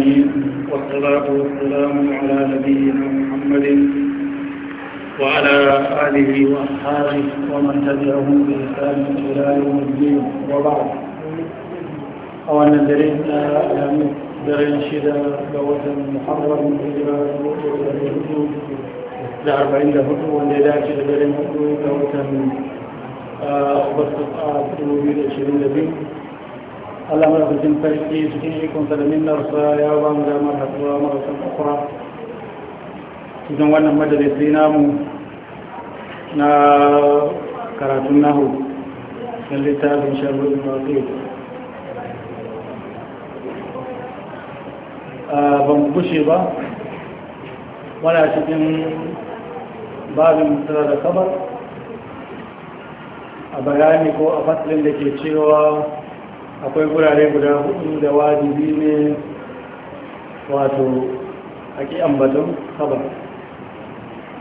العالمين والصلاة والسلام على نبينا محمد وعلى آله وأصحابه ومن تبعهم بإحسان إلى يوم الدين وبعد أو أن درينا أمامك درين شدة لوزن محرم إلى الحدود لأربعين هدو ولذلك درين هدو لوزن أبسط أعطيه إلى شديد Allah madaukakin sarki cikin ikonsa da minnarsa ya ba mu damar haɗuwa marasan cikin wannan majalisi namu na karatun nahu na littafin sharruɗin masu ban bushe ba wana cikin babin tsara da kabar a bayani ko a fasilin da ke cewa akwai gurare guda hudu da wajibi ne wato a ƙi ambaton kabar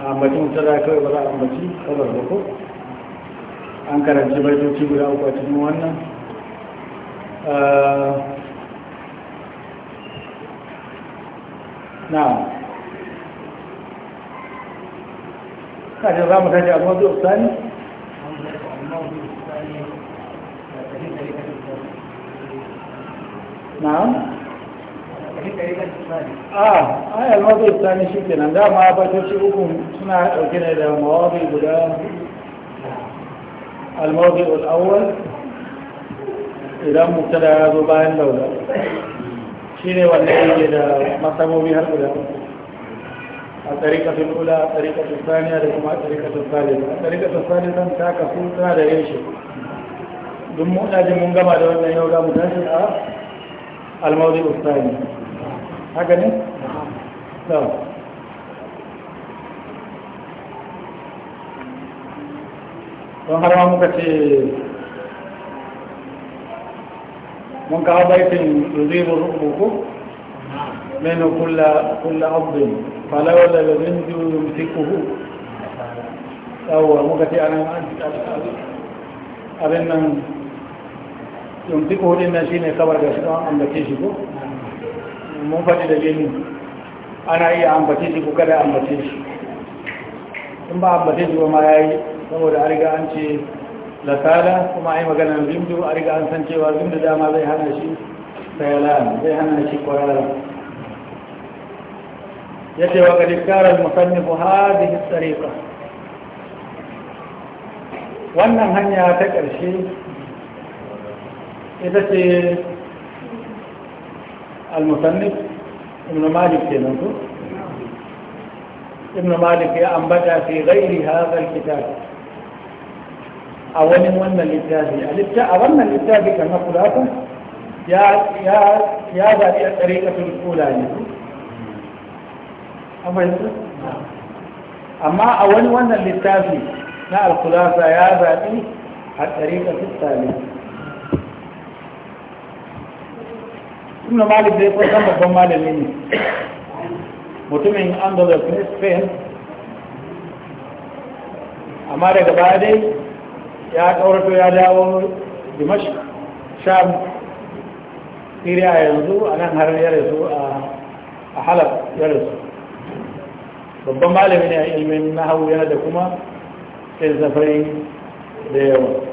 a ambaton tara kawai ba za a ambaci kabar ba ko an karanci baitoci guda uku a cikin wannan ah, na kajin za mu tashi a mazu sani na'am a ah, ai almazu tsani shi ke nan dama batoci suna ɗauke ne da mawabi guda almazu al'awwal idan muktada ya zo bayan laula shi ne wanda yake da masabobi har guda a tsarikatun ula a tsarikatun saniya da kuma a tsarikatun salisa a tsarikatun salisan da yin shi ah. almawdi ustani haka ne? na'am don har ma muka ce mun kawo baitin yuzibu rubuku menu kulla kulla abdin falawar da gabin juyin muka ce abin nan ينطقه لنا شيء يكبر بأسلام إيه أن بكيشكو منفجد جيني أنا إيا أن بكيشكو كذا أن بكيش ثم أن بكيشكو ما يأي ثم أريد أريد أنشي لسالة ثم أي مقالنا الزمد أريد أن سنشي والزمد دا ما ذي هنا شيء سيلان ذي هنا شيء قرار يتي وقد اختار المصنف هذه الطريقة وأنا هنيا تكرشي إذا في المثنف ابن مالك تنظر ابن مالك أنبدا في غير هذا الكتاب أولا من الإبتاب أولا من الإبتاب كما قلت يا يا يا ذا الطريقة الأولى يا أما أول من الإبتاب نا الخلاصة يا ذا الطريقة الثالثة suna malik da ya kusan babban malami ne mutumin andalus ne spain amma daga baya dai ya ƙaurato ya dawo dimash sham siriya yanzu a nan har ya rasu a halar ya rasu babban malami ne a ilimin nahawu yana da kuma sai zafarin da yawa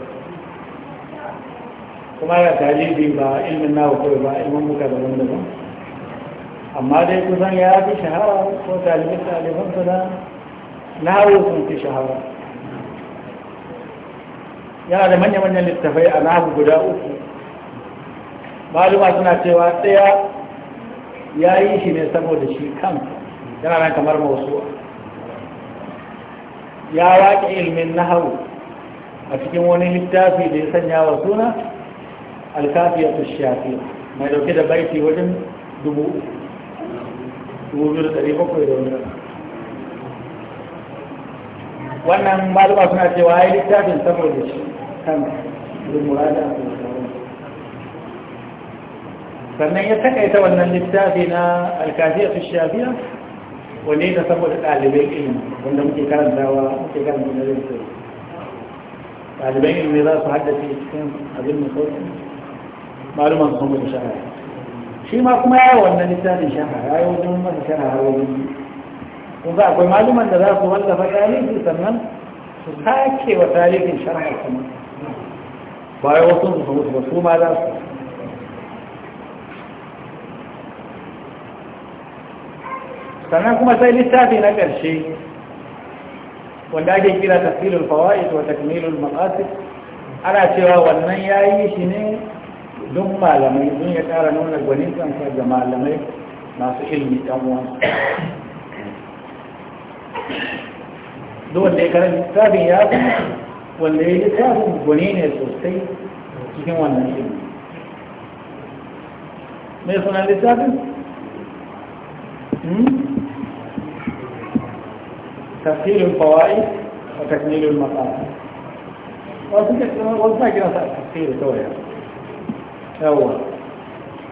kuma ya talibi ba ilmin na kawai ba ilmin muka daban daban amma dai kusan ya fi shahara ko talibin talibin su na nawo sun fi shahara yana da manya-manyan littafai a nahu guda uku maluma suna cewa tsaya ya yi shi ne saboda shi kan yana nan kamar mausuwa ya waƙe ilmin hau a cikin wani littafi da ya sanya wa suna الكافية الشافية ما لو كده بيتي وجن دبو دبو جرد أليه وكو يدون وانا مبادو ما سمعت وهاي لكتاب انتبه ليش كم للمرادة فمن يتكى يتولنا لكتابنا الكافية الشافية وني تصبت على بيتهم عندما ممكن كان دعوة ممكن كان من الانسان على بيتهم إذا صحدت في اسكام أظن صوتهم معلومة نقوم بشهر شيء ما قم أعوى أن الإنسان شهر أعوى أن الإنسان شهر أعوى أن الإنسان شهر وذلك معلومة أن ذات ولد فتالي في ثمن سبحاكي وتالي في شرع الثمن بأي وصول بخلص بصول ما دارت سنعكم أسأل الثاني نقر شيء ولكن كده تفصيل الفوائد وتكميل المقاسد على سواء والنيا أي شيء duk malamai sun ya tara nuna gwanin kansa ga malamai masu ilmi ɗan uwansu duk ya karanta littafin ya fi wanda ya yi littafin gwani ne sosai cikin wannan ilmi mai suna littafin tafsirin tafsirin fawa'i a wasu تفصيل الفوائد وتكميل المقاصد وسنة وسنة كده تفصيل توي yawa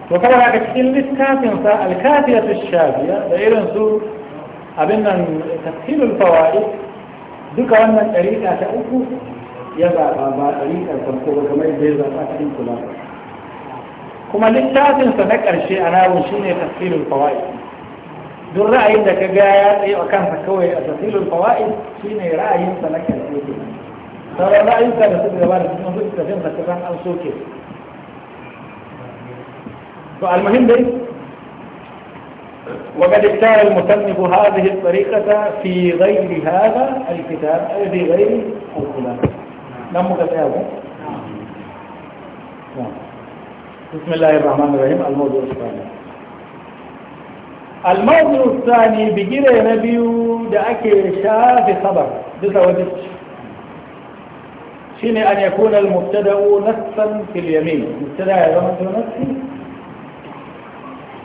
to kada haka cikin littafin sa alkafiyatu shafiya da irin su abin nan tafsirul fawaid duka wannan dariƙa ta uku ya zaɓa ba dariƙar farko ba kamar da ya zaɓa cikin kula kuma littafin sa na ƙarshe a nawun shine tafsirul fawaid duk ra'ayin da ka ga ya tsaye a kansa kawai a tafsirul fawaid shine ra'ayin sa na ƙarshe sauran ra'ayin sa da suka gaba da cikin su tafsirin sa kasan an soke مهم دي وقد اختار المتنف هذه الطريقة في غير هذا الكتاب أي في غير الخلاصة نعم مكتابه نعم. بسم الله الرحمن الرحيم الموضوع الثاني الموضوع الثاني بجرى نبي دعك شاف خبر بس وجدت شين أن يكون المبتدأ نصا في اليمين مبتدأ يرمز نصي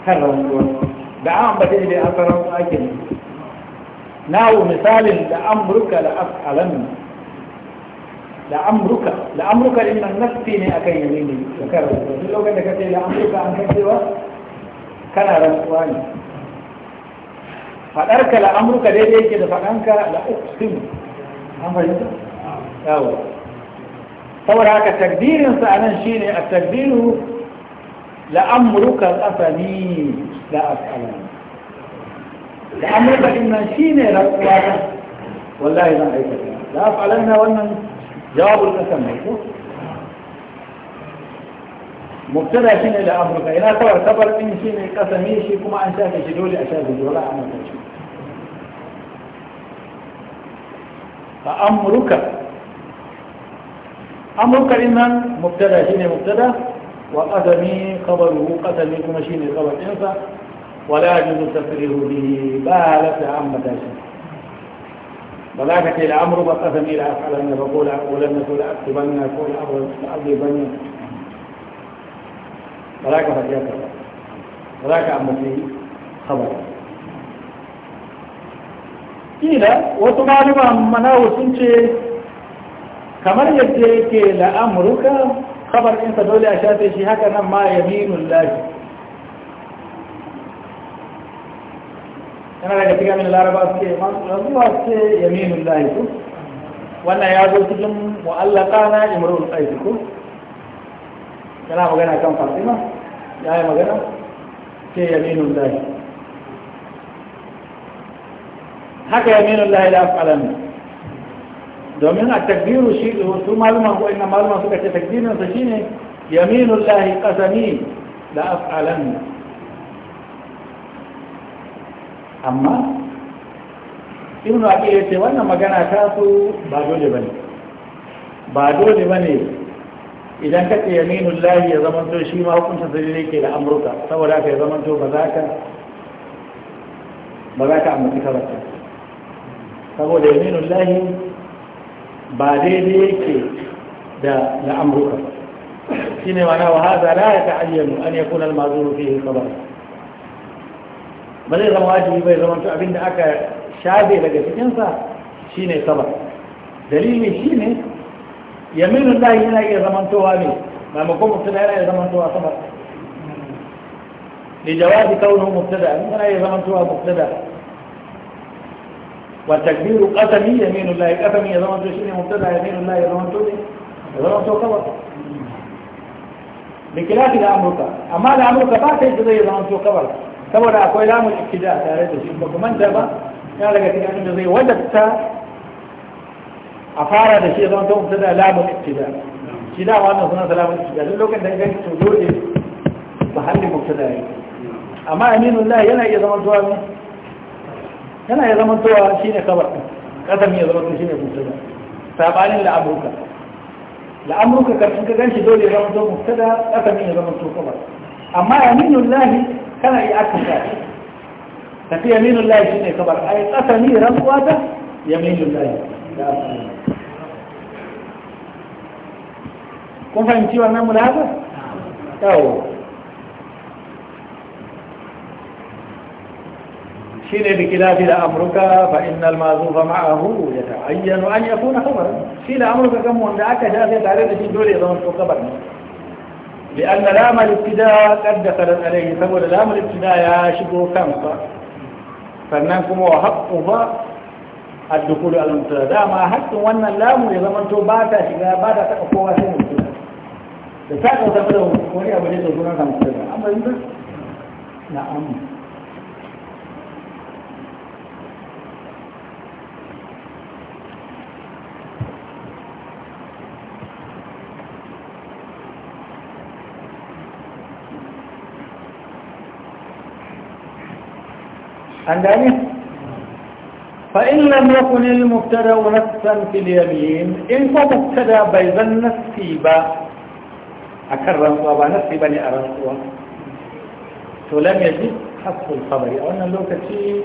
kan rantsuwa da an misalin da amurka da da amurka da amurka din nan nafi ne akan yamin ne da kan rantsuwa duk lokacin da ce da amurka an kacewa kana rantsuwa ne faɗarka da amurka daidai yake da faɗanka la uksim an fahimta yawo saboda haka takdirinsa a nan shine a takbiru. لأمرك قسمي لا أسألني لأمرك إن شيني رسولك والله لا أعيدك لا أفعلنا وأن جواب القسم ميتوك مبتدا شيني لأمرك إلا كبر كبر إن شيني قسمي شي كما أن شاك شدولي أشاك ولا أنا فأمرك أمرك إما مبتدا شيني مبتدا wa qadami qabaruhu qadami kuma shi ne sa wala yajuzu tasrihu bihi ba la ta'ammada shi ba za ka ce da amru ba qadami la afalan ba ko la banya ko la aktubanna ko la abribanna ba za ka faɗi haka ba za ka ambaci khabar kila wasu malaman manawu sun ce kamar yadda yake la'amurka خبر انت دولي اشاتي شي هكذا نعم ما يمين الله انا لا قتيقى من العرب اسكي ما نظر اسكي يمين الله يكو وانا يابل لك مؤلقانا امرو القيدكو كلام مغانا كم فاطمة يا اي مغانا كي يمين الله هكا يمين الله لا افعل منه دومين التكبير الشيء هو شو معلومه هو ان معلومه في التكبير من تشينه يمين الله قسمي لا افعلن اما ابن ابي يته وانا ما كان اساسه باجو جبني باجو جبني اذا كانت يمين الله يا زمان تو شيء ما حكم تدريك الى امرك سواء ذاك يا زمان تو بذاك بذاك عم تكبر سواء يمين الله ba daidai yake da da amurka shine mana wa hada la ya ta'ayyanu an yakuna al-mazuru fihi khabar ba zai zama wajibi bai zama to abinda aka shabe daga cikinsa sa shine sabar dalili shine yaminu lahi yana iya zamantowa ne maimakon mubtada yana iya zamantowa sabar da jawabi kaunin mubtada yana iya zamantowa mubtada والتكبير قسمي يمين الله قسمي اذا ما تشيني مبتدا يمين الله اذا ما تشيني اذا ما تشيني خبر بخلاف الامرك اما الامرك فاتح اذا ما تشيني خبر خبر اكو الام الابتداء تاري تشيني بك من جابا قال لك تيجي عندي زي وجدت افار هذا الشيء اذا ما تشيني مبتدا لام الابتداء ابتداء وانا هنا سلام الابتداء لو كان ده جاي تشوفه محل مبتدا اما امين الله هنا اذا ما yana ya zama towa shi ne kabar ɗin ƙasar ya zama shi ne mustada saɓanin la'amurka la'amurka karshen ka ganshi dole ya zama to mustada ƙasar ya zama to kabar amma yaminun lahi kana yi aka sa tafi yaminun lahi shi ne kabar a yi ƙasar ni rantsuwa ta yaminun lahi da asali kun fahimci wannan mulaka? yawo حين بخلاف إلى أمرك فإن المعزوف معه يتعين أن يكون خبرا حين أمرك كم وندعك جاهزة تعرفة في دولي إذا أنت خبرنا لأن لام الابتداء قد دخلت عليه ثبت لام الابتداء يا شبه كمسا فإنكم وحقه الدخول على المبتداء ما أحدث وأن اللام إذا ما أنت باتا شكا باتا تقفوا في المبتداء لتاكم تبدأ في أبنيت الظنان المبتداء أما إذا نعم an فإن لم يكن المبتدا نفسا في اليمين إن فمبتدا بيضا نفسي أكرم وابا نفسي بني أرسوا فلم يجد حق الخبر أولا لو كتير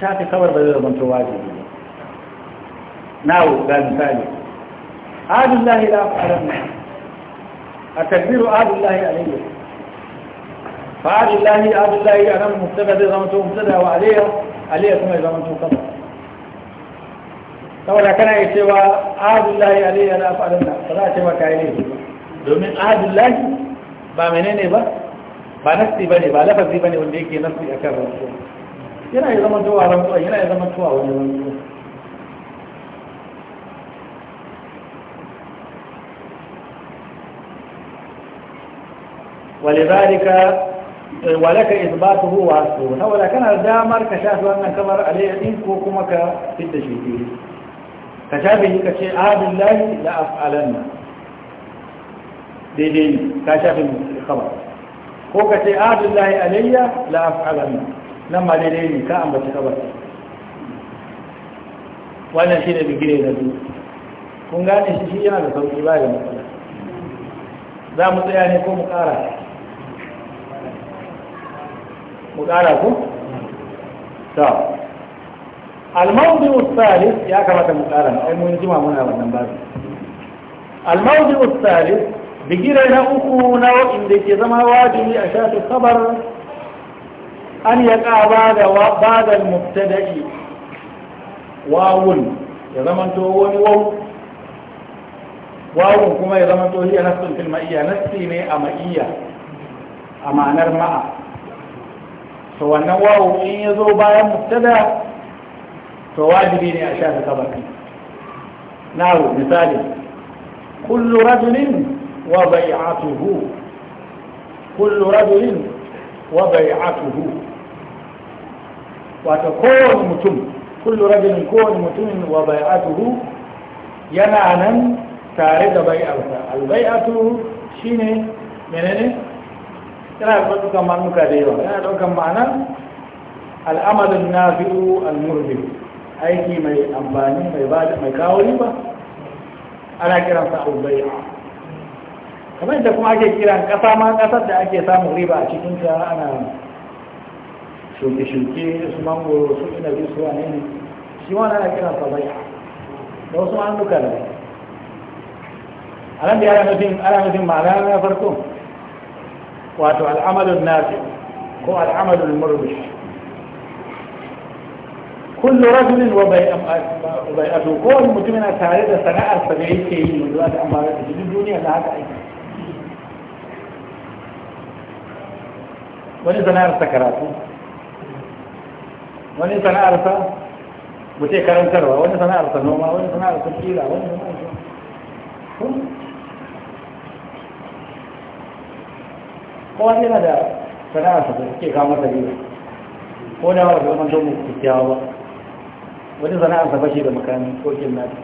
شافي خبر بذل من تواجد ناو نعم، قال ثاني عاد الله لا أعلم التكبير عاد الله عليه فعاد الله عبد الله أمام المبتدى دي زمنته مبتدى وعليه عليه ثم زمنته قدر سواء كان يسوى عبد الله عليه لا أفعل الله فلا سوى كعليه دومين عبد الله بامنين با با نفسي بني با لفظي بني ونديكي نفسي أكبر هنا زمنته وعلمته هنا زمنته وعلمته ولذلك Eh, walaka isbatu huwa asu saboda kana damar ka shafi wannan kamar alayya ko kuma ka fitta shi fili ka shafi ka ce abillahi ah, la af'alanna daidai ne ka shafi kamar ko ka ce abillahi ah, alayya la af'alanna nan ma daidai ne ka ambaci kamar wannan shi ne bigire na biyu kun gane shi shi yana da sauki ba da matsala za mu tsaya ne ko mu kara mu ƙara الموضع الثالث يا كما تمقارن أي من جمع منا الموضع الثالث بجير نأكو نوع إن دي زما واجه أشاف الخبر أن يقع بعد بعد المبتدأ واو يزمن تووني واو واو كما يزمن تو هي نفس الكلمة إيا نفسي ني أما إيا أما to wannan wawo in ya zo bayan mubtada to wajibi ne a shafe kabari nawo misali kullu rajulin wa bai'atuhu kullu rajulin wa bai'atuhu wato kowane mutum kullu rajulin kowane mutumin wa bai'atuhu yana nan tare da bai'arsa al bai'atu shine menene yana da kan ma'anuka da yawa yana ɗaukan ma'ana al'amalin na fi'u al-murbi aiki mai amfani mai bada mai kawo riba ana kiran sa baia kamar da kuma ake kiran ƙasa ma ƙasar da ake samun riba a cikin ta ana shuke-shuke su mangoro su bi su wane ne shi na ana sa bai da wasu manuka da a nan da yana nufin ma'ana na farko wato al'amalin nafi ko al'amalin murmush kullu rajulin wa bai a kowane mutum yana tare da sana'arsa da yake yi yanzu da ta'amara da shi duniya na haka aiki wani sana'arsa karatu wani sana'arsa mutai karantarwa wani sana'arsa noma wani sana'arsa kila wani sana'arsa kowa yana da sana'arsa da suke kawo masa biyu ko da ba su zama don kyakkyawa ba wani sana'a ba shi da makami ko kin nata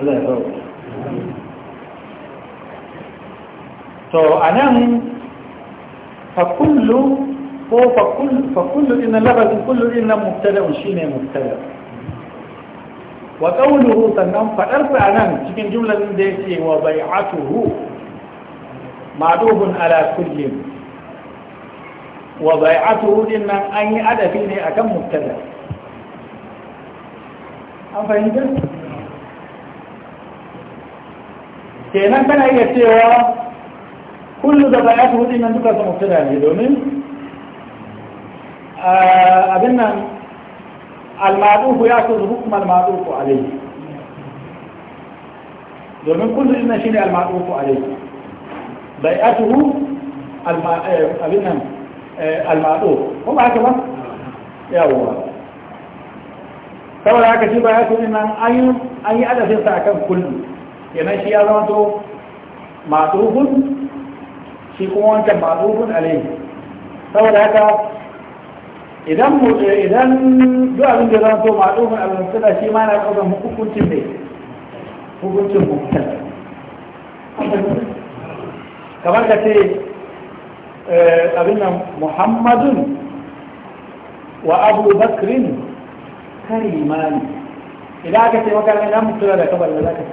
Allah to a nan fakullu ko fakullu inna labarin kullu inna mubtada shine mubtada wa qawluhu sannan faɗar sa nan cikin jumlan da yake wa bai'atuhu ma'dubun ala kulli wa bai bai'atuhu din nan an yi adafi ne akan mubtada an fahimta kenan kana iya cewa kullu da bai'atuhu din nan duka su mubtada ne domin ah, abin nan al-ma'ruf ya kuzu hukum al-ma'ruf alayhi domin kullu inna shine al-ma'ruf alayhi bai'atuhu al-ma'ruf al-ma'ruf kuma haka ba yawwa saboda haka shi bai'atu inna an yi adafin sa akan kullu kenan shi ya zama to ma'rufun shi kuma wancan ma'rufun alayhi saboda haka idan mu eh, idan duk abin da zan so ma'adufin al-mubtada shi ma na kasan hukuncin ne hukuncin mubtada kamar ka ce eh, abin nan muhammadun wa abu bakrin karimani idan aka ce maka na mutura da kabar da zaka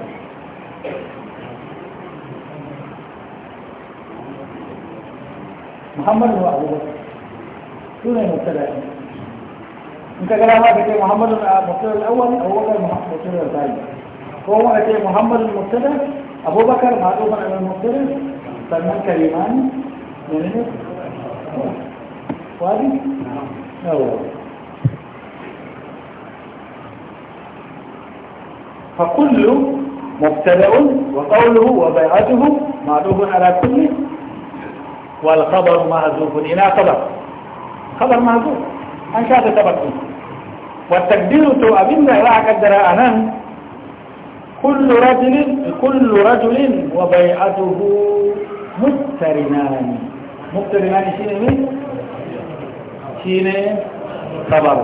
muhammadun wa abu bakrin سنة المبتدا انت قال الله بيته محمد المبتدى الأول هو المبتدا الثاني هو أتى محمد المبتدا أبو بكر معروفا عن المبتدا سلمان كريمان يعني فادي هو فكل مبتدا وقوله وبيعته معروف على كل والخبر معذوب الى خبر خبر معذور انشأت shafe sababin والتقدير تو أبين ذا أقدر أنا كل رجل كل رجل وبيعته مقترنان مقترنان شين مين؟ شين خبر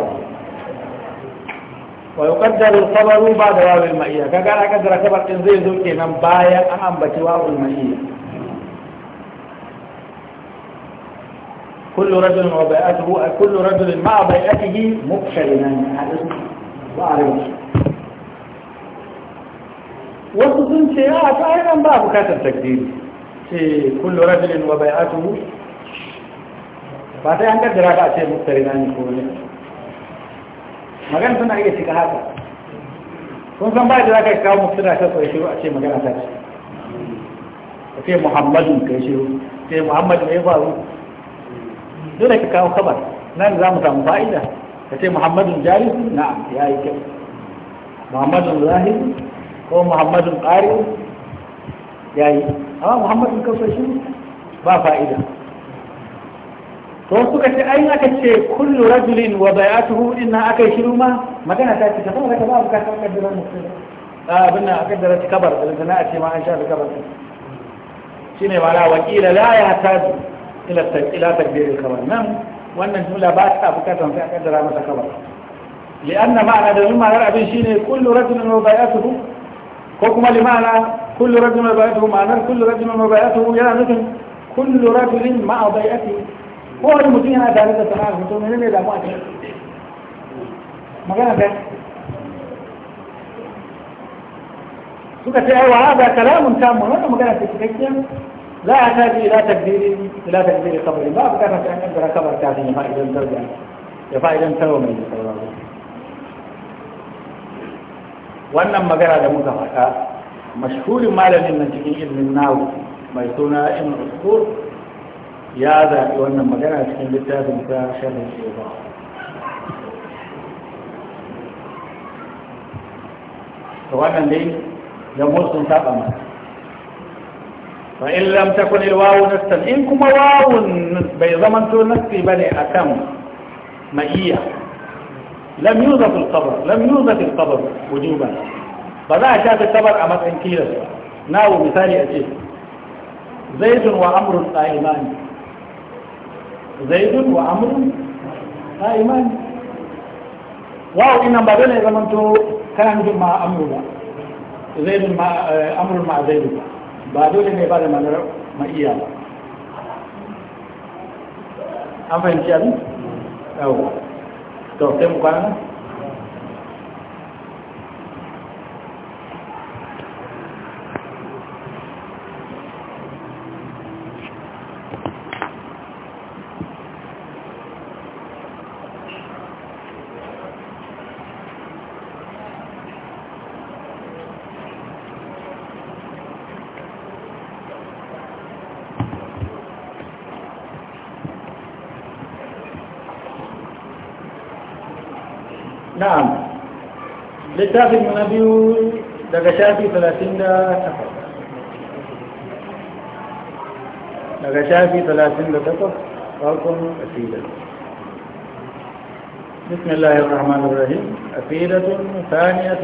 ويقدر الخبر بعد واو المئية كقال أقدر خبر تنزيل ذو كنا بايا أم بتواو المئية كل رجل وبيئته كل رجل مع بيئته مبشرين وعلى وجه وصف شيء أيضا بعض كتب تكذيب كل رجل وبيئته فاتي عندك دراجة شيء مبشرين يكون ما كان سنة هي شيء كهذا كون سنبا دراجة كاو مبشر أشياء ويشيرو أشياء ما كان أساس في محمد كيشيرو في dole ka kawo kabar nan za mu samu fa'ida ka ce muhammadun jalis na ya yi kyau muhammadun zahir ko muhammadun ƙari ya yi amma muhammadun kawai shi ba fa'ida to suka ce ai aka ce kullu rajulin wa bayatuhu inna aka shiru ma magana ta ce ta kamar ka ba ka san kaddara mutum a binna aka ta kabar da sana'a ce ma an sha da kabar shine mala wakila la ya tazu إلى إلى تكبير الخبر نعم وأن الجملة بعد أبو كاتم في أحد درامة الخبر لأن معنى الجملة على أبي شيني كل رجل وبيعته كوكما لمعنى كل رجل وبيعته معنى كل رجل وبيعته يا مثل كل رجل مع بيعته هو المدينة دارت تنعرف من إلى مؤكد magana ɗaya suka ce aiwa da kalamun tamu wannan magana ce cikakkiya لا أحتاج إلى تكبير إلى تكبير قبر ما أفكر أن أكبر قبر كافي ما إذا انتوجع يفا يعني. إذا انتوى من يسر الله وأن ما قرأ لموتها مشهول ما لم ينتقي إذن الناو ما يسونا إذن الأسطور يا ذا وأن ما قرأ لكم بالتاب مساء شهر الشيطان وأن لي لموت سابا مصر فإن لم تكن الواو نستا إن كما واو بيضمن تنسي بني أكم مئية لم يوضف القبر لم يوضف القبر وجوبا فذا أشاف القبر أمس إن كيلة ناو مثالي أجيب زيد وأمر قائمان زيد وأمر قائمان واو إنما بدل إذا من تو كان مع أمر زيد مع آه، أمر مع زيد ba dole ne ba da manar ma'iya ba an fahimci abin? yau to sai mu kwana نعم littafin من biyu daga ثلاثين 38 daga ثلاثين 38 farkon asidar بسم الله الرحمن الرحيم أسيدة ثانية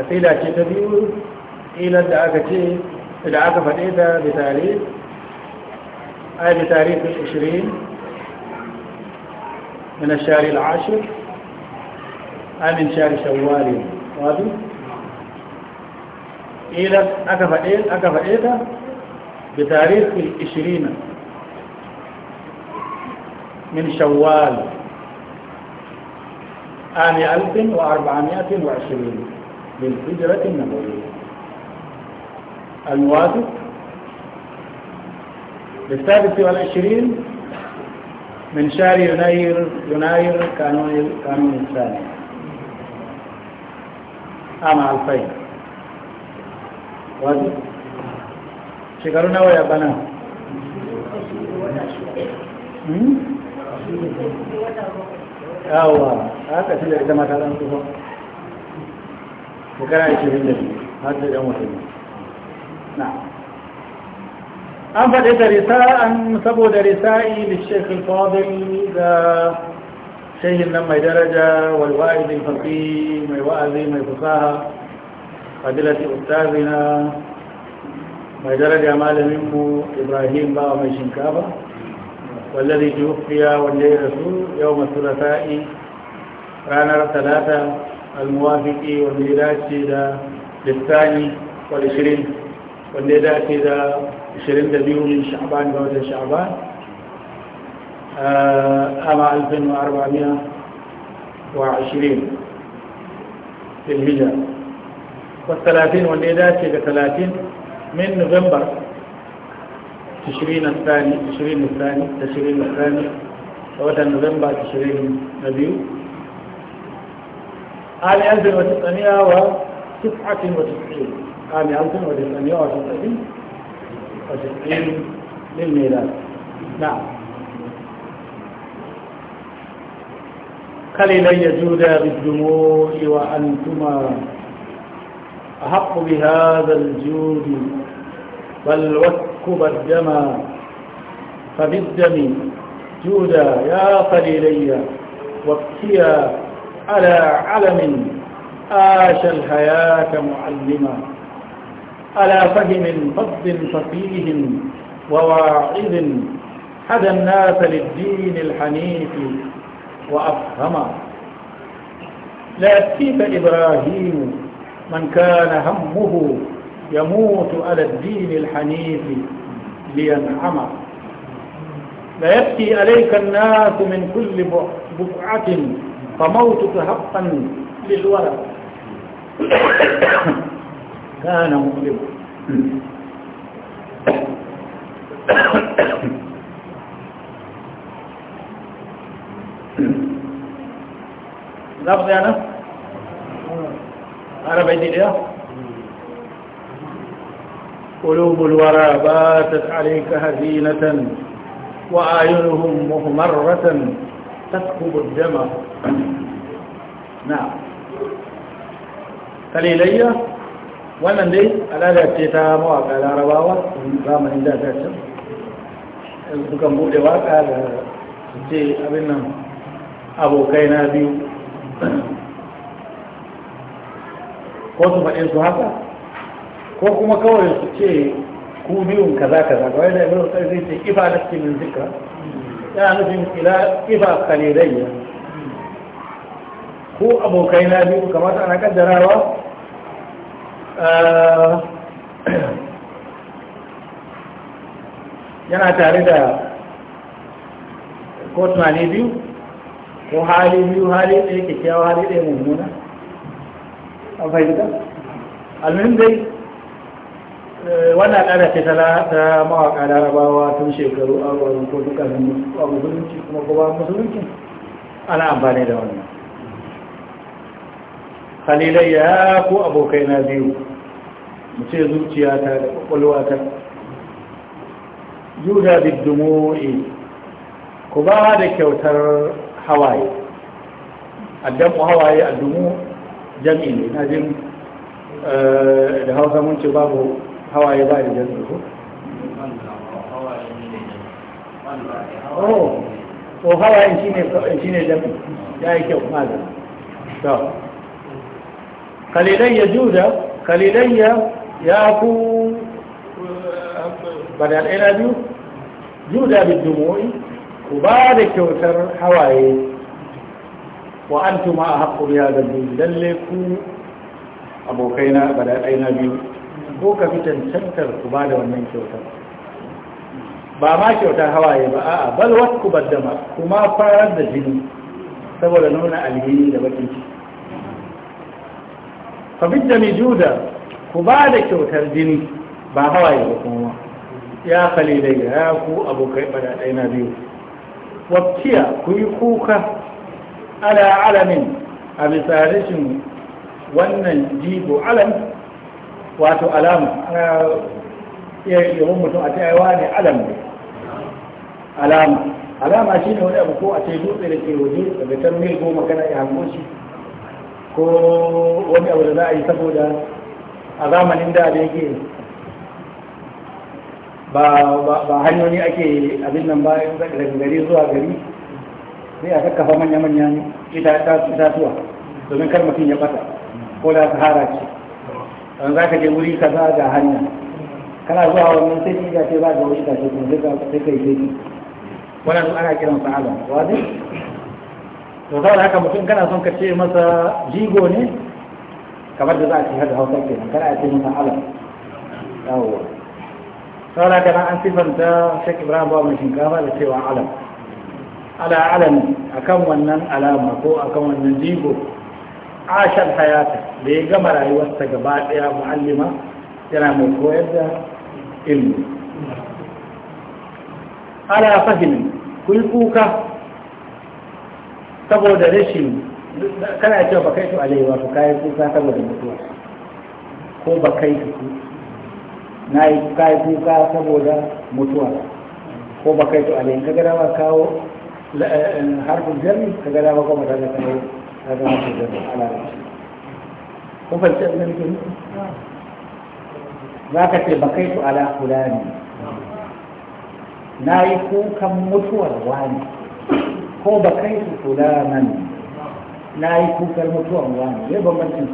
أسيدة تبيو إلى الدعاكة الدعاكة فريدة بتاريخ أي بتاريخ العشرين من الشهر العاشر أم آه، من شهر شوال واضح إلى أكف إيه أكف إيه بتاريخ العشرين من شوال عام ألف وأربعمائة وعشرين للهجرة النبوية الموافق للسادس والعشرين من شهر يناير يناير كانون كانون آه، الثاني عام 2000 وادي شكرنا ويا بنا آه، آه، يا الله هذا شيء إذا ما كان تفه وكان يشوفين هذا نعم an faɗe ta risa'an saboda risa'i da shekul fadil da shehin nan mai daraja walwa'izin fafi mai wa'azi mai fusaha fadilati ustazina mai daraja malaminmu ibrahim ba mai shinkafa wallazi jufiya wanda ya rasu yau masu rasa'i ranar talata almuwafiki wanda ya dace da lissani wal shirin wanda ya dace da 22 من شعبان قوة شعبان أما آه، 1420 في الهجرة والثلاثين والليلات في الثلاثين من نوفمبر تشرين الثاني تشرين الثاني تشرين الثاني وطن نوفمبر تشرين نبيو عام 1999 عام 1999 وتسعين للميلاد نعم كلي لن يجود بالدموع وأنتما أحق بهذا الجود بل وكب الدم فبالدم جودا يا قليلي وابكيا على علم آش الحياة معلما على فهم فض فقيه وواعظ هدى الناس للدين الحنيف وأفهم لا يكفيك إبراهيم من كان همه يموت على الدين الحنيف لينعم لا يبكي عليك الناس من كل بقعة فموتك حقا للورى كان مظلما لفظ أنا أنا بيدي ليه قلوب الورى باتت عليك هزينة وآينهم مهمرة تسكب الدم نعم قليلية wannan dai al'ada ce ta mawaka larabawa zamanin da ta can sukan bude waka da su ce abin nan abokai na biyu ko su faɗin su haka ko kuma kawai su ce ku biyun kaza kaza kawai da ibn sai zai ce ifa suke min Ya na nufin ila ifa kalidayya ko abokai na biyu kamata ana kaddarawa yana tare da ko tunani biyu ko hali biyu hali ɗaya kyakkyawa hali ɗaya mummuna a fahimta almin dai eh, wannan ƙara ce ta mawaƙa larabawa tun shekaru a ko dukkanin musulunci kuma kuma musulunci ana amfani da wannan kalilai ko abokai na biyu mu ce zuciyata da ta yuda biddumu'i ku ba da kyautar hawaye addamu hawaye addumu jam'i ne na jin eh, da hausa mun ce babu hawaye ba da jam'i ko oh, oh hawaye shine ne jam'i ya yi kyau mazan Kalidayya juda kalilayya ya ku bada ɗaya biyu juda bi dumoyi ku ba da kyautar hawaye wa an tuma a haƙuri ya zabi lalle ku abokaina bada ɗaya biyu ko ka fi cancantar ku ba da wannan kyautar ba ma kyautar hawaye ba a'a balwar ku baddama kuma farar da jini saboda nuna alhini da bakin ciki fa bidda mi juda ku ba da kyautar jini ba hawaye ba kuma ya da ya ku abokai bada ɗaya na biyu wabciya ku yi kuka ala alamin a bisa rashin wannan jibo alam wato alama ana iya yawan mutum a ta yawa ne alam ne alama alama shi ne wani abu ko a ce dutse da ke waje daga can mil goma kana ya hango shi ko wani abu da za a yi saboda a zamanin da da yake ba hanyoyi ake abin nan ba daga gari zuwa gari sai a kakkafa manya-manyan itatuwa domin kar mutum ya bata ko da sahara ce don za ka je wuri ka za ga hanya kana zuwa wannan sai ka ce ba ga wuri ka ce kuma sai ka yi sai wannan ana kiran sa'ala wa zai to saboda haka mutum kana son ka ce masa jigo ne kamar da za a ce da hausa ke nan kana ce masa alam yawwa saboda haka nan an sifanta shek ibrahim ba mai shinkafa da cewa alam ala alam akan wannan alama ko akan wannan jigo ashar hayata da ya gama rayuwarsa gaba daya mu'allima yana mai koyar da ilmi ala fahimin kuyi kuka saboda rashin kana cewa ba kai su alai wato kayan kuka saboda mutuwa ko ba kai su na yi kayan kuka saboda mutuwa ko ba kai su alai ka gara ba kawo eh, eh, harfin jami ka gara ba kuma daga kawo ka zama su jami alalaci ko falce abin da nake nufi za ka ce ba kai su ala fulani na yi kukan mutuwar wani ko ba kai su kula nan na yi kukar mutuwan wani ba mutum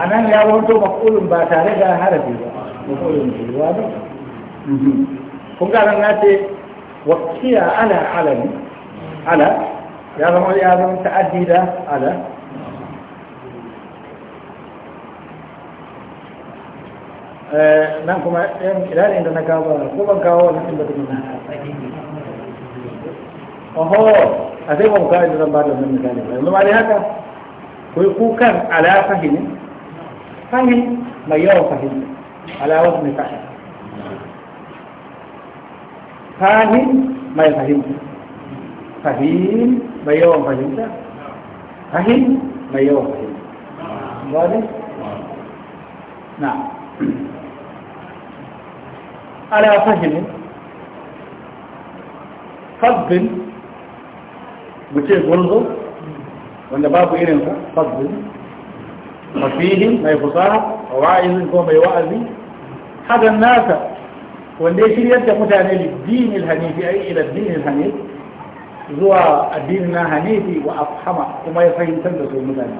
a nan ya wanto makulun ba tare da harafi ba makulun jirwa ba mhm. kun ga nan na ce wakiya ala alami ala ya zama ya zama ta'addi da ala eh, nan kuma idan inda na kawo ko ban kawo wannan da kuma na oho a sai ban kawai da zan ba da wannan misali ba yanzu ma dai haka kai kukan ala fahimi fahimi mai yawan fahimi ala wasu mai fahimi fahim mai fahimta fahim mai yawan fahimta fahim mai yawan fahimta ba ne? na ala fahimin fabbin mu ce gurzo wanda babu irin irinsa fasbir mafihin mai fusaha wa'izin ko mai wa'azi hadan nasa wanda ya shiryar da mutane da dinin hanifi ai ila dini hanif zuwa addinin na hanifi wa afhama kuma ya fahimtar da su mutane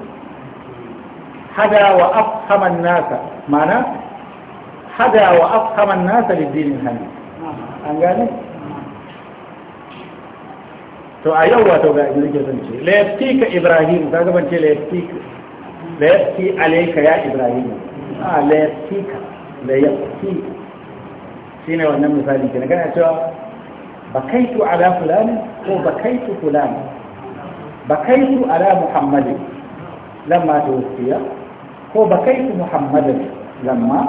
hada wa afhaman nasa mana hada wa afhaman nasa da dinin hanif an gane to a yau wato ga inda ke zan ce laftika ibrahim ka gaban ce laftika lafti alaika ya ibrahim a laftika da yafti shi ne wannan misali ke na gana cewa bakaitu ala fulani ko bakaitu fulani bakaitu ala muhammadin lamma tuwfiya ko bakaitu muhammadin lamma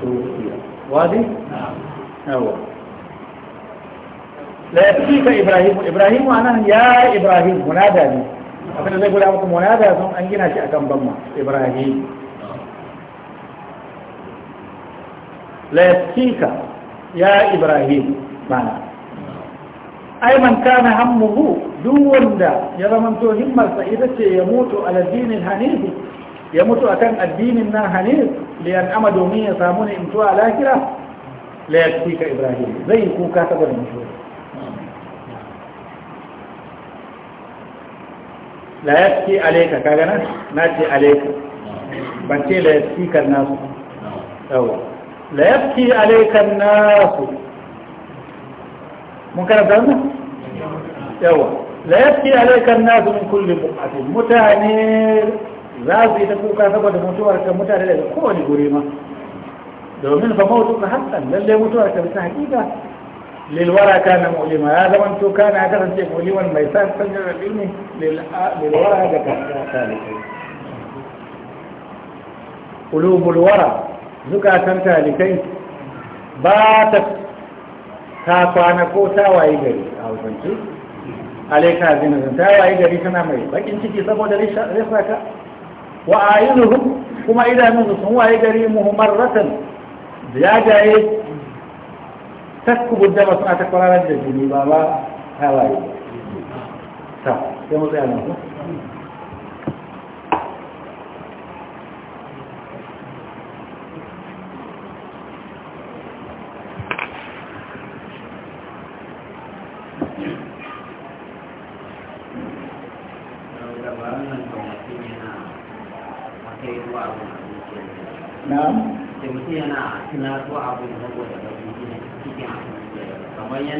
tuwfiya wadi? na'am la yabkika ibrahimu ibrahim anan ya ibrahim munada ne abin da zai gura muku munada sun an gina shi akan bamma ibrahim la yabkika ya ibrahim mana ai man kana hammuhu duk wanda ya zamanto himmarsa ita ce ya mutu ala dinin ya mutu akan addinin nan hanif liyan ama domin ya samu ne imtuwa lakira la yabkika ibrahim zai yi kuka saboda mutuwa la yaski alayka kaga nan na ce alayka ban ce la yaski kan nasu yawa la yaski alayka nasu mun karanta wannan yawa la yaski alayka nasu min kulle buqatin mutane za su yi ta kuka saboda mutuwar kan mutane daga kowane guri ma domin fa mawtu ka hasan lalle mutuwar ka bisa hakika للورى كان مؤلما هذا وانت كان هذا انت مؤلما ميسان فنجر بالمه للورى هذا كان قلوب الورى زكاة ثالثين باتت تاتوانا كوتا وايجري او تنشي عليك هذه نزنتا وايجري كنا مريض بك انت كي صبو دليش رخلك وآينهم كما إذا منهم وايجري مهمرة taskubu dama suna ta kwararar da jini ba ba hawaye ta sai mu tsaya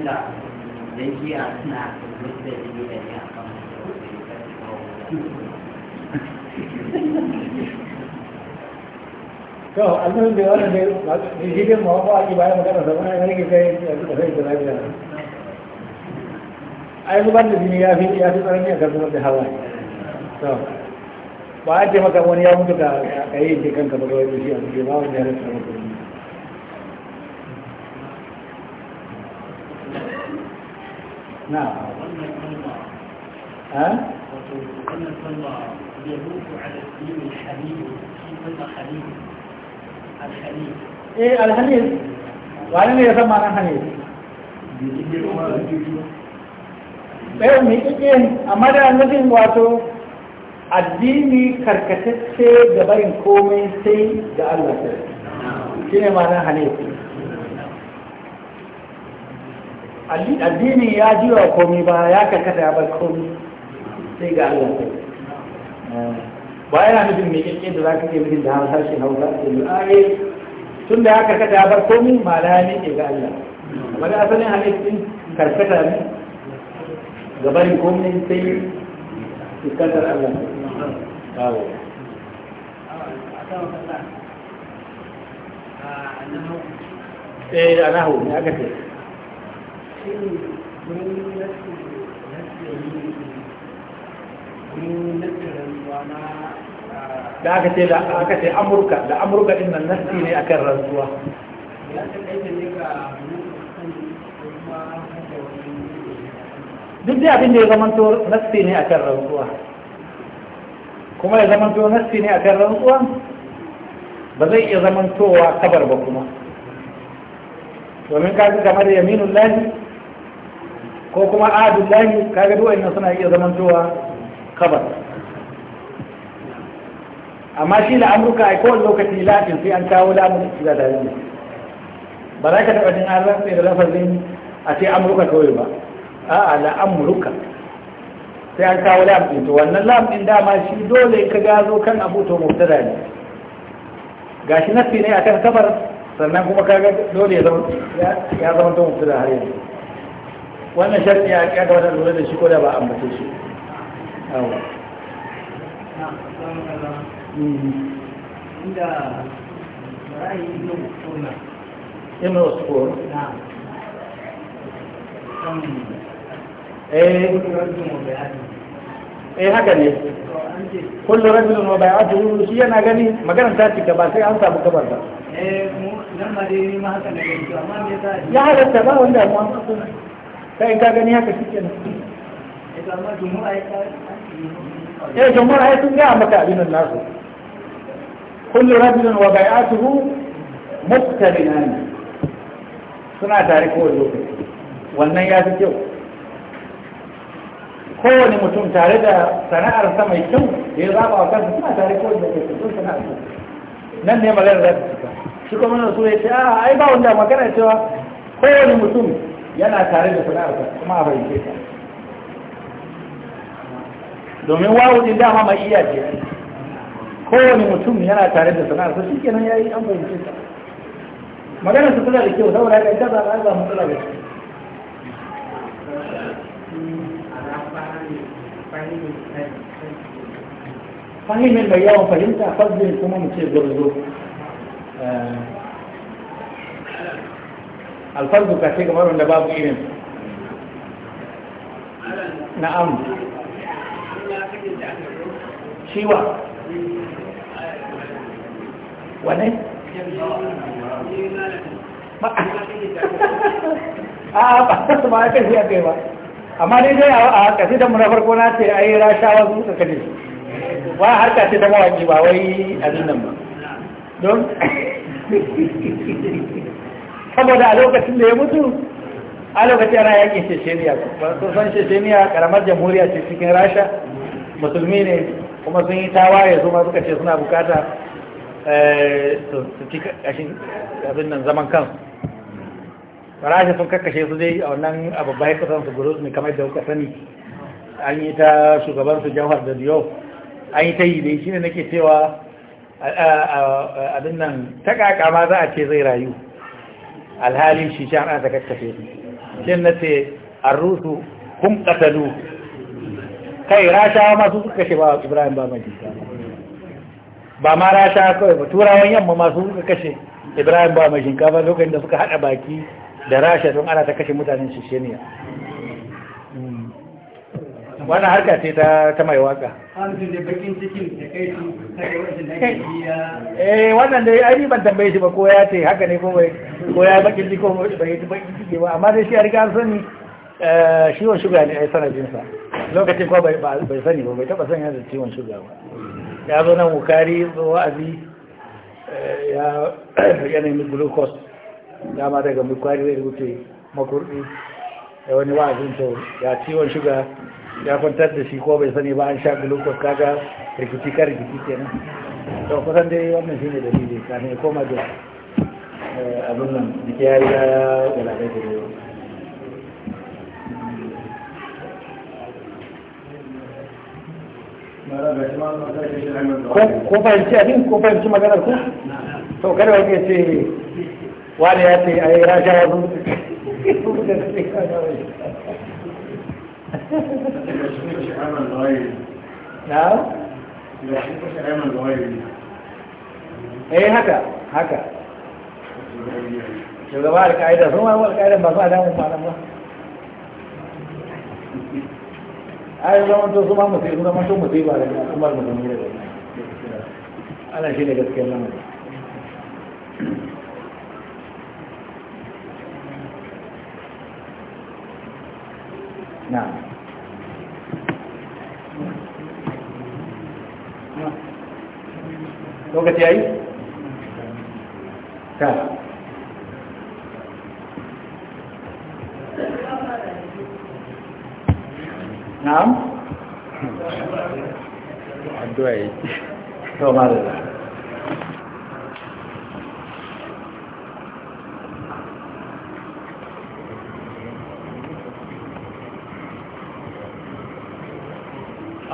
canza don jiya suna da jini da ne a kan to annabi bai wani bai jirgin mawafa a bayan magana zama na ganin kai yanzu da sai da lafiya ai zubar da jini ya fi ya fi tsanani a kan zubar da hawa to ba a ce maka wani ya mutu ka yi jikin ka ba ga wani shi a cikin ba wani ya rasa mutu نعم ها؟ وأن الله يموت على الدين الحليم كيف الحليم الحليم إيه الحليم وأنا اللي يسمى أنا حليم ɗaya mai ƙiƙin a madanadin wato addini karkatacce da barin komai addini ya ji wa komi ba ya karkata ya bar komi sai ga Allah ba yana nufin mai kirkin da za ka ke mutum da hausa shi hausa da yu'aye ah, eh, tun da ya karkata ya bar komi ma da ya nike ga Allah Wani da asalin halittin karkata ne barin komi sai fuskantar Allah kawo eh da nahu ne aka ce da aka ce da aka ce amurka da amurka din nan nasti ne akan rantsuwa duk da abin da ya zamanto nasti ne akan rantsuwa kuma ya zamanto nasti ne akan rantsuwa ba zai iya zamantowa kabar ba kuma domin kasu kamar yaminun lahi ko kuma adullahi kaga duk wanda suna iya zamantowa kabar amma shi da amurka ai kowane lokaci lafin sai an kawo lamun da dalili ne ba za ka taɓa jin an rantsa da lafazin a ce amurka kawai ba a'a la amurka sai an kawo lamun to wannan lamun dama shi dole ka gazo kan abu to mubtada ne gashi nafi ne akan kabar sannan kuma kaga dole ya zama to mubtada har yanzu wannan shafi ya kada wata lura da shi ko da ba mace shi yawa inda ra'ayi ibn usfurna ibn usfur na eh eh haka ne kullu rajulun wa bai'atuhu shi yana gani maganar ta cika ba sai an samu kabar ba eh mu nan ma dai ni ma haka ne amma me yasa ya halatta ba wanda mu an kasu kai ka gani haka shi kenan eh jama'a ya sun gaya maka abin nasu kullu rajulin wa bai'atuhu ne. suna tare kowane lokaci wannan ya fi kyau kowane mutum tare da sana'arsa mai kyau da ya zaba wa kansa suna tare kowane lokaci sun sana'ar nan ne magana za ta cika shi kuma nan su ya ce a ai ba wanda magana cewa kowane mutum yana tare da sana'ar ka kuma a bai ta domin wawu din dama mai iya ce kowane mutum yana tare da sana'ar sa ya yi an fahimce ta magana su tana da kyau saboda ya ta zaɓa ya zama matsala da shi fahimin mai yawan fahimta fazlin kuma mu ce gurzo eh, alfarzu ka ce kamar wanda babu irin na'am shiwa wane? a ah, ba ma a kashi a kai ba amma dai dai a kasi da muna farko na ce yi rashawa su suka ne ba harka ce ta mawaki ba wai abin nan ba don saboda a lokacin da ya mutu a lokacin yana yakin shesheniya sun san shesheniya karamar jamhuriya ce cikin rasha musulmi ne kuma sun yi tawaye su ma suka ce suna bukata eh, su cika kashin abin nan zaman kansu rasha sun kakkashe su dai a wannan bai kasan su guru ne kamar da kuka sani an yi ta shugaban su da diyo an yi ta yi dai shine nake cewa abin nan ta kaka ma za a ce zai rayu Alhalin shi sha ana ta kakkafe shi na ce rusu kun katalu kai rashawa masu suka kashe ba ibrahim ba mai ba ma rashawa kawai ba turawan yamma masu suka kashe ibrahim ba mai shinkafa lokacin da suka haɗa baki da rasha don ana ta kashe mutanen shishiniya wani harka ce ta ta mai waka eh wannan dai ai ban tambaye shi ba ko ya ce haka ne ko bai ko ya bakin ciki ko bai bakin ciki ba amma dai shi a riga sani eh, ciwon shuga ne ai sanadin sa lokacin ko bai bai sani ba bai taba sani da ciwon shuga ba ya zo nan wukari wa'azi eh, ya yanayin glucose dama daga mukwari zai rute makurdi da wani wa'azin to ya ciwon shuga ya kwantar da shi ko bai sani ba an sha glucose kaga rikici ka rikici kenan to kusan dai wannan shine dalili kane koma da eh, abin nan jiki ya riga ya galabai da yau ko fahimci abin ko fahimci maganar ku to kada wani ya ce wani ya ce a yi rasha wasu eh haka haka shugaba alƙa'ida sun wani alƙa'ida ba su ba a yi zama to su ma mutu su zama to mutu ba da kuma ana shi gaskiyar na'am lokaci yayi ta na'am addu'a yi to madalla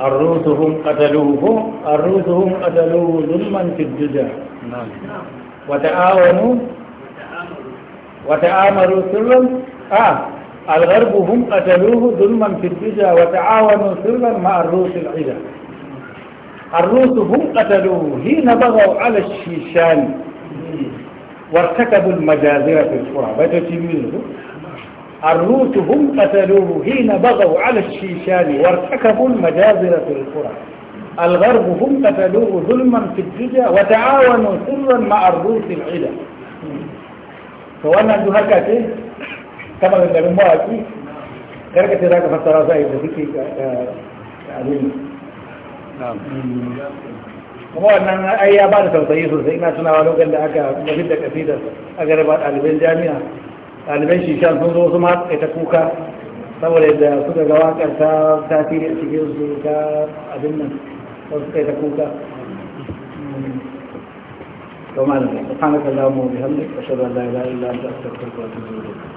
الروسهم قتلوه الروسهم قتلوه ظلما في الدجا نعم وتآونوا وتآمروا سرا آه الغرب هم قتلوه ظلما في الدجا وتعاونوا سرا مع الروس العدا الروس هم قتلوه حين بغوا على الشيشان وارتكبوا المجازر في القرى بيتوا تيميزه الروت هم قتلوه حين بغوا على الشيشان وارتكبوا المجازر في القرى الغرب هم قتلوه ظلما في الدجا وتعاونوا سرا مع الروس العلا فوانا ذو هكاته كما من قبل مواكي كركة ذاك فترة زائد ذكي آه، آه، عظيم نعم وانا wannan ai ya ba da tausayi sosai ina tunawa lokacin da aka gabi da ɗaliban shishan sun zo su matsa ta kuka saboda yadda suka ga wakar ta tasiri a cikin su ta abin nan sau suka yi ta kuka to malam subhanaka allahumma wa bihamdika ashhadu an la ilaha illa anta astaghfiruka wa atubu ilayk